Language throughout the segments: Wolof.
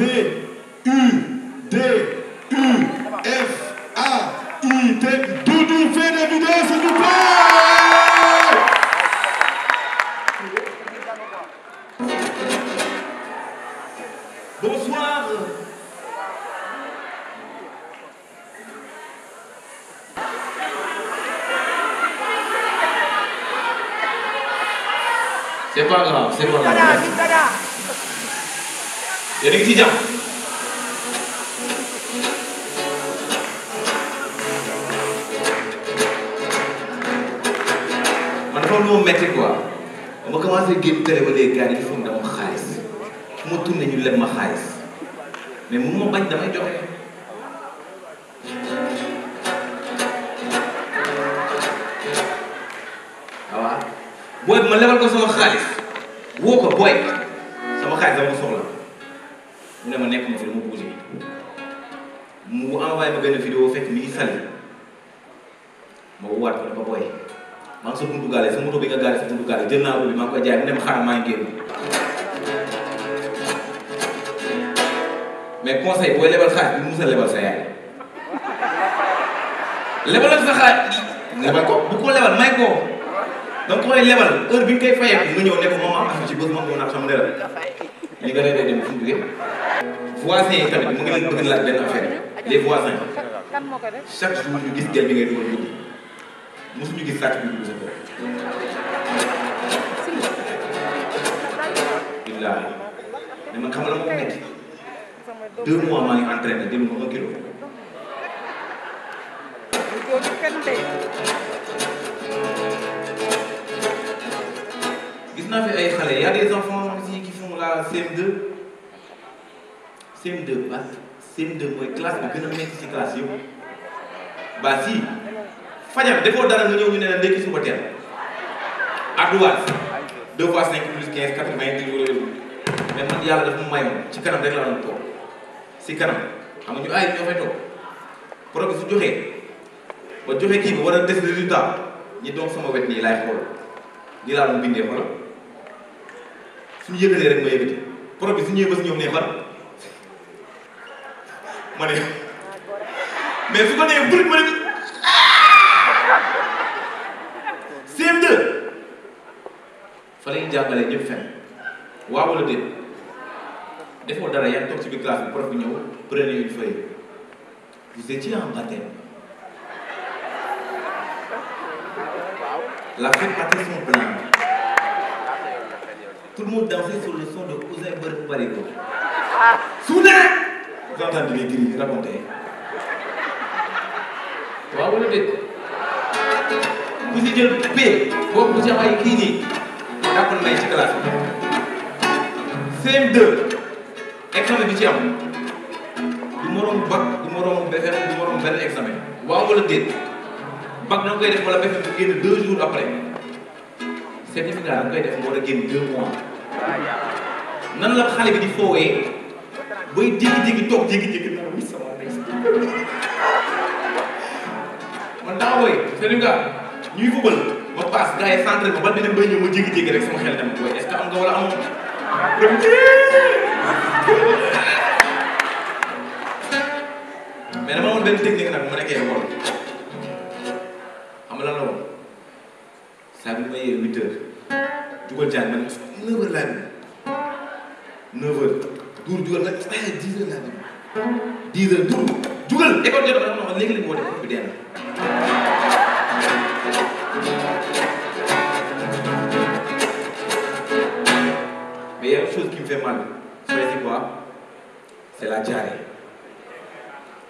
D U D U F A I T Doudou fais des vidéos s'il vous plaît. Bonsoir. C'est pas grave, c'est pas grave. yéen a ngi ci jàmm man loolu moo métti quoi ma commencé génn télé ba léegi gars yi foog dama xaalis fu ma tourné ñu leen ma xaalis mais mun ma bañ damay joxe waaw booy ma lebal ko sama xaalis woo ko booy sama xaalis dama soxla mu ne ma nekk ma fi dama bougé mu envoyé ma benn vidéo fekk mi ngi sali ma woowaat ko dafa ngi sa buntu gaale sa moto bi nga gaale sa buntu gaale jël naa ko bi maa ngi koy jaay mu ne ma mais conseil booy lebal sa lebal sa ko bu ko lebal may ko donc koy lebal heure bi ñu koy fayee nga ñëw ne moom am affaire ci bés moom moo naan sama ne la nga ne dem fu mu voisins yi tamit mu ngi leen bëgg laaj benn affaire les voisins chaque jour ñu gis gel bi ngay dugal dugg mosuñu gis sàcc bi dugg sa kër. billaahi dama xam la ma metti deux mois maa ngi entraîné dem ma un kilo. gis naa fi ay xale y a des enfants aussi qui font la CM2. CM2 classe CM2 mooy classe bi gën a ba si fajar defoo dara nga ñëw ñu ne la ndekki suba teel adduwaas deux fois cinq plus quinze quatre-vingt dix mais man yàlla daf mu mayoon ci kanam rek la doon toog si kanam xam nga ñu aay ñoo fay toog projet su joxee ba joxe kii ba war a des résultat ñi doon sama wet nii laay xool nii laa doon bindee xoolal suñu yëgalee rek ma yëgati projet bi su ba si ñoom ne fan ma ne mais su ko nee bëri ma ne CM2 fa la ñuy fen waaw wala déet defoo dara yaa ngi toog ci biir bi prof bi ñëw prenez une feuille vous étiez en baptême la fête partait son plan tout le monde dansait sur le son de Ouzin Barry Barigo soudain entendre les grilles raconter waaw wala déet ku si jël B boobu bu ci am ay kii nii dàqul nay ci classe bi CM2 examen bi ci am du moroom bac du moroom benn examen waaw wala déet bac na def wala BFEM génn deux jours après certificat da nga koy def mu war a génn deux mois nan la xale bi di foowee bay jékki-jékki toog jékki-jékki dara muy sama ndey man daa booy Sénégal ñuy fubal ma paas gars yi centre ma ba di dem bay ñëw ma jékki-jékki rek sama xel dem booy est-ce que am nga wala amoo mais dama amoon benn technique nag bu ma nekkee école xam nga lan la woon saa bi ma yee huit heures jaan man neuf heures laa 9 heures duur jugal nag ay 10 heures laa dem 10 heures duur jugal école jot na ma léegi li mu def bi dee na. mais y a une chose qui me fait mal c'est quoi c'est la diarrhée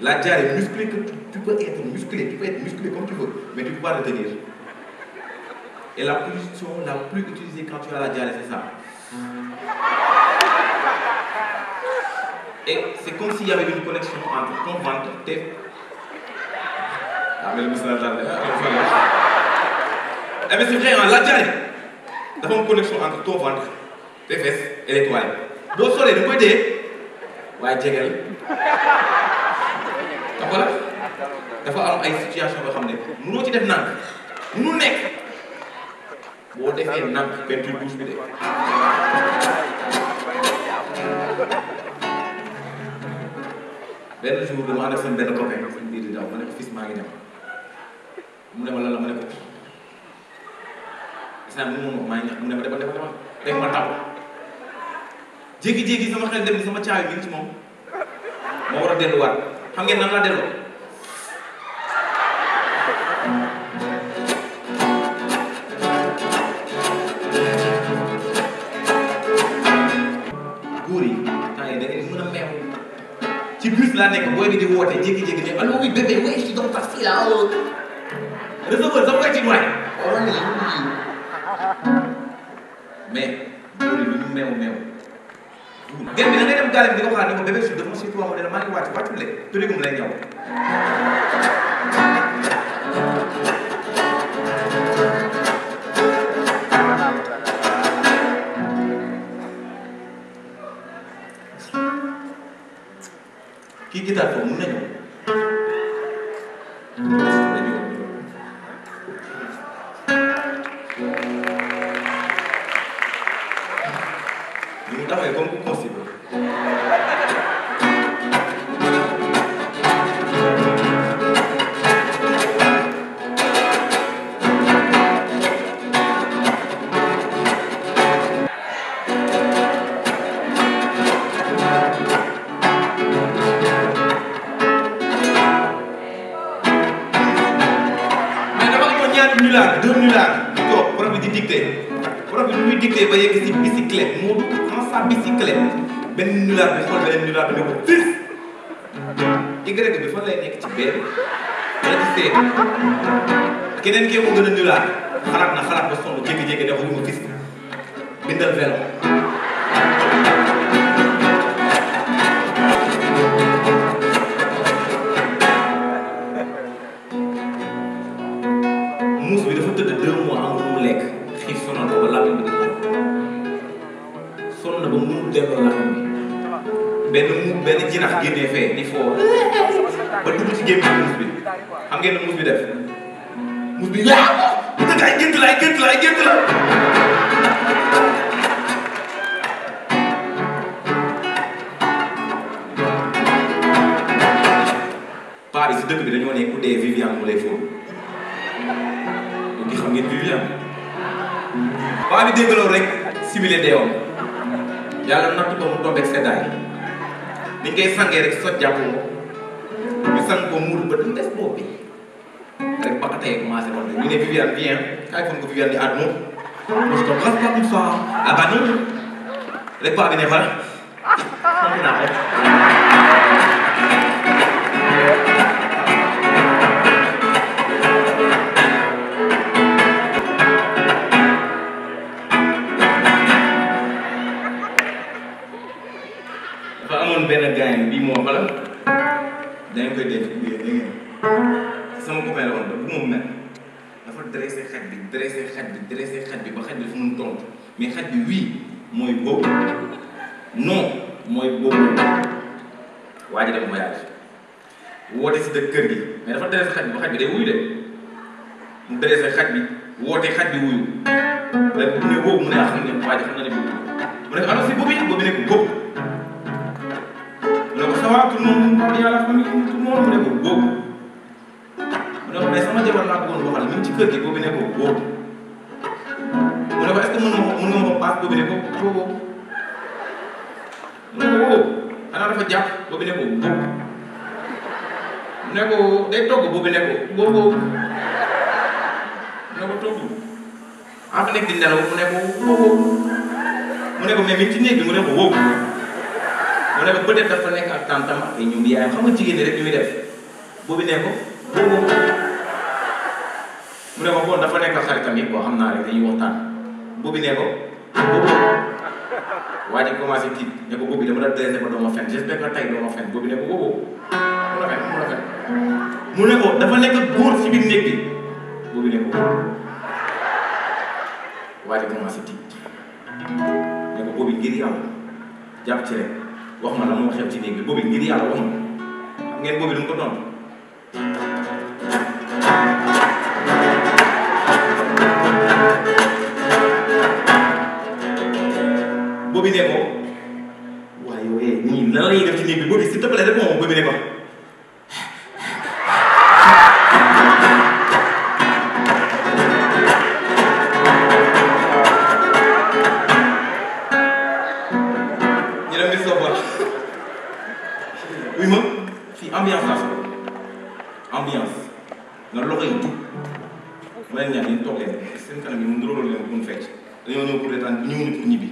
la diarrhée musclée que tu, tu peux être musclé tu peux être musclé comme tu veux mais tu peux pas retenir et la position la plus utilisée quand tu as la diarrhée c'est ça. Et c'est comme s'il y avait une connexion entre ton ventre, tes... ah mais eh bien c'est vrai ah lajare dafa am connexion entre ton ventre tes fesses et les toiles boo solee da koy dee waaye jegel dafa la dafa am ay situation yoo xam ne mënoo ci def nànk mënul nekk boo defee nànk peinture douche bi de. benn jour dama ànd ak sama benn copain suñ biir di daw ma ne ko maa ngi dem mu ne ma lan la ma ne ko isaan mu moom maa ngi ñax mu ne ma demal demal demal rek ma taw jékki-jékki sama xel dem sama caabi bi ci moom moo war a delluwaat xam ngeen nan laa delloo laa nekk booy bi di woote jékki-jékki ne allo oui bébé oui je te donne par fii là oh. receveur sa boy ci doy. waroon na mais loolu lu mu meew meew. gerte bi da ngay dem gàllankoor di ko xaar ne ko bébé su dee ma surtout ma ne la maa ngi wàcc wàccu leen tëddee ko mu lay ñaw. kii gitaar foofu mun na ñëw ñu ngi taxawee comme ku granulaire di toog prof bi di dicté prof bi nu muy dicté ba yegg si bicyclette Moodu en sa bicyclette benn nulaar bi xool beneen nulaar bi ne ko fis Y bi fan lay nekk ci B wala ci C keneen kee ko gën a nulaar xalaat na xalaat ba sonn jékki-jékki ne ko lu mu fis bindal vélo benn mu benn jinax génnee fee di foo ba dugg ci gémmiñ muus bi xam ngeen def muus bi yaa bu dëgg ay gént la ay gént ku dee Viviane mu lay fóon ñu ngi xam ngeen Viviane paa bi dégg loolu rek simile deewam yàlla natt ko mu tombeeg dañ koy sangee rek sot jàpp ko ñu sang ko muur ba du des bopp bi rek ba tey commencé woon ñu ne Viviane bien kaay kon ko Viviane di àdduna parce que grâce à tout ça ah bah non rek paa bi ne fa sant naa ko mel dafa dressé xaj bi dressé xaj bi dressé xaj bi ba xaj bi dafa mun tontu mais xaj bi oui mooy boobu non mooy boobu waa ji dem voyage woote si dëkk kër gi mais dafa dressé xaj bi ba xaj bi day wuyu de mu dressé xaj bi woote xaj bi wuyu lépp bu ne boobu mu ne ah xam ne waa ji xam na ne boobu mu ne ko alors si boobu it boobu ne ko boobu mu ne ko ça va tout le monde yàlla ne ko day togg boobu ne ko boobu boobu ne ko togg am nekk di nelaw mu ne ko boobu mu ne ko mais mi ci néeg bi mu ne ko boobu mu ne ko peut-être dafa nekk ak tantam ak ñoom yaayam xam nga jigéen ñi rek ñu muy def boobu ne ko boobu mu ne ko kon dafa nekk ak xaritam yi boo xam naa rek dañuy waxtaan boobu ne ko boobu waa ji commencé tiit ne ko boobu dama la dérégler ba doo ma fen j'espère que tey doo ma fen boobu ne ko boobu mu la fen mu la fen mu ne ko dafa nekk góor ci biir néeg bi boobu ne ko waaye commencé tiit ne ko boobu ngir yàlla jàpp ci rek wax ma la moo xew ci néeg bi boobu ngir yàlla wax ma xam ngeen boobu du mu ko tontu boobu ne ko waaye yooyee def ci néeg bi boobu s'il te plaît rek moom boobu ambiance na loxo yi jub bu leen neex ñu toog leen seen kanam yi mu ndóoloo leen pour mu fecc dañoo ñëw pour retaan ñëw ñu pour ñibbi.